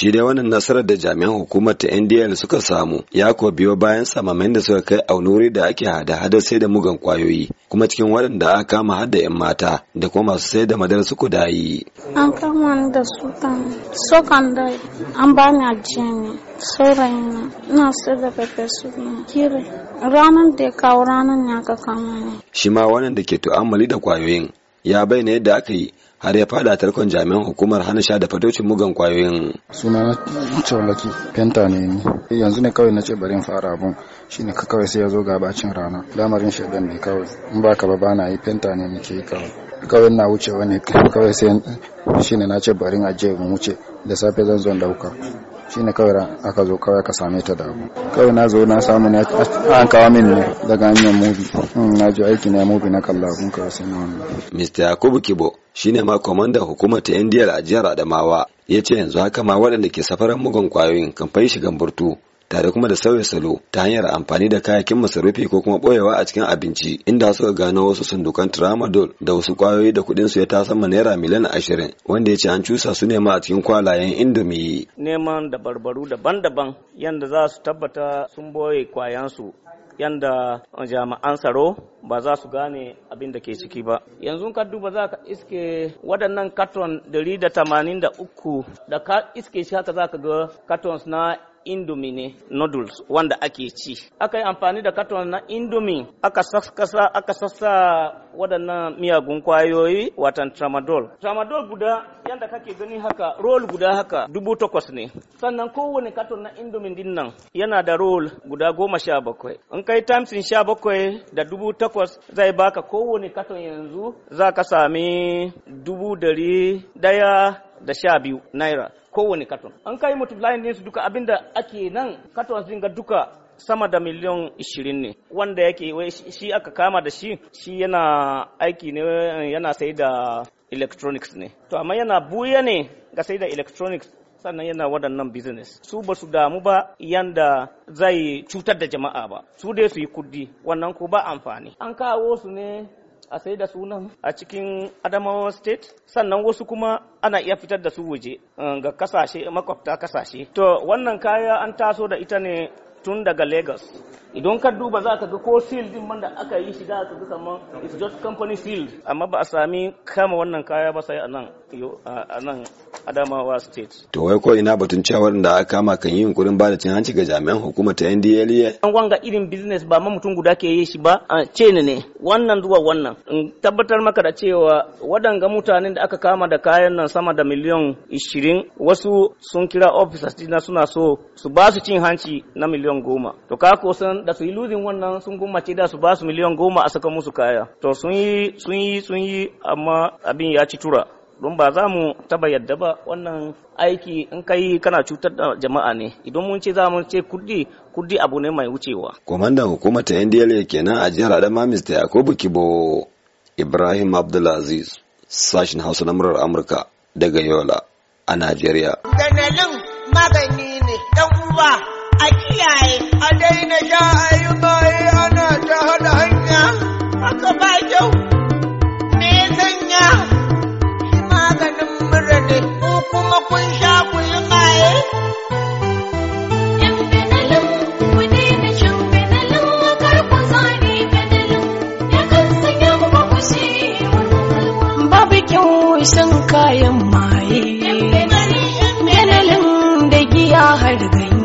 shi dai wannan nasarar da jami'an hukumar ta ndl suka samu ya ko biyo bayan samamain da suka kai aunuri da ake hada hada sai da mugan kwayoyi kuma cikin waɗanda aka kama hada yan mata da kuma masu sai da madar su yi an kama da su kan da an ni ajiya ne saurayin na sai da pepe su kire ranar da ya kawo ranar ne kama ne shi ma wannan da ke tu'ammali da kwayoyin ya bayyana yadda aka yi har ya fada tarkon jami'an hukumar hana sha da fatocin mugan kwayoyin suna cewlaki penta ne yanzu ne kawai na ce bari in fara abun shi ka kawai sai ya zo gabacin rana lamarin shaidan ne kawai in ba ka ba ba na yi penta ne muke yi kawai kawai na wuce wani kawai sai shi ne na ce bari in ajiye mu wuce da safe zan zo dauka ne kawai aka zo kawai ka same ta da abu kawai na zo na samu ne an kawo min ne daga hanyar mubi hmm, na ji aiki ne mubi na kalla kun kawai sai na wannan Mr. Yakubu Kibo shine ma kwamandan hukumar ta indiya a jihar adamawa ya ce yanzu haka ma waɗanda ke safarar mugun kwayoyin kan fai shigan burtu tare kuma da sauya salo ta hanyar amfani da kayakin masarufi ko kuma boyewa a cikin abinci inda suka gano wasu sundukan tramadol da wasu kwayoyi da kuɗin su ya tasa ma naira miliyan ashirin wanda ya ce an cusa su nema a cikin kwalayen indomi neman dabarbaru daban-daban yanda za su tabbata sun boye kwayansu yanda jami'an tsaro ba za su gane abin da ke ciki ba yanzu ka duba za ka iske waɗannan katon 183 da ka iske shi haka za ka ga katons na indomi ne noodles wanda ake ci aka yi amfani da katon na indomi aka sassa aka sassa waɗannan miyagun kwayoyi watan tramadol tramadol guda yadda kake gani haka roll guda haka dubu takwas ne sannan kowane katon na indomi din nan yana da roll guda goma sha bakwai in kai tamsin sha bakwai da dubu takwas zai baka kowane katon yanzu za ka sami dubu dari daya da sha biyu naira kowane katon an kai multiplying ɗinsu duka abinda ake nan katon sun ga duka sama da miliyan 20 ne wanda yake shi aka kama da shi shi yana aiki ne yana sai da electronics ne to amma yana buya ne ga sai da electronics sannan yana waɗannan business su ba su damu ba yanda zai cutar da jama'a ba su dai su yi kudi wannan ko ba amfani an kawo su ne a sai da sunan a cikin Adamawa state sannan wasu kuma ana iya fitar da su waje eh, ga kasashe makwabta kasashe to wannan kaya an taso da ita ne tun daga Lagos idan ka duba za ka ga ko seal din man da aka yi shiga ka ga kaman it's just company seal amma ba a sami kama wannan kaya ba sai a nan a nan Adamawa state to wai ko ina batun cewa da aka kama kan yi yunkurin ba da cin hanci ga jami'an hukumar ta NDLEA an wanga irin business ba ma mutum guda ke yi shi ba a ce ne ne wannan zuwa wannan in tabbatar maka da cewa wadanga mutanen da aka kama da kayan nan sama da miliyan 20 wasu sun kira officers dina suna so su ba su cin hanci na miliyan miliyan goma to ka ko san da su yi losing wannan sun gummace da su ba su miliyan goma a saka musu kaya to sun yi sun yi sun yi amma abin ya ci tura don ba za mu taba yadda ba wannan aiki in kai kana cutar da jama'a ne idan mun ce za mu ce kudi kudi abu ne mai wucewa komandan hukumar ta NDLA kenan a jihar Adama Mr. Yakubu Kibo Ibrahim Abdulaziz sashin Hausa na murar Amurka daga Yola a Najeriya. Ganalin magani ne dan uwa kiyaye. A daina sha a yi baye ana ta hada hanya, haka ba kyau. Me ya sanya maganin mura ne ko kuma kun sha ku yi baye? Sun kayan maye, ganalin da giya har gani.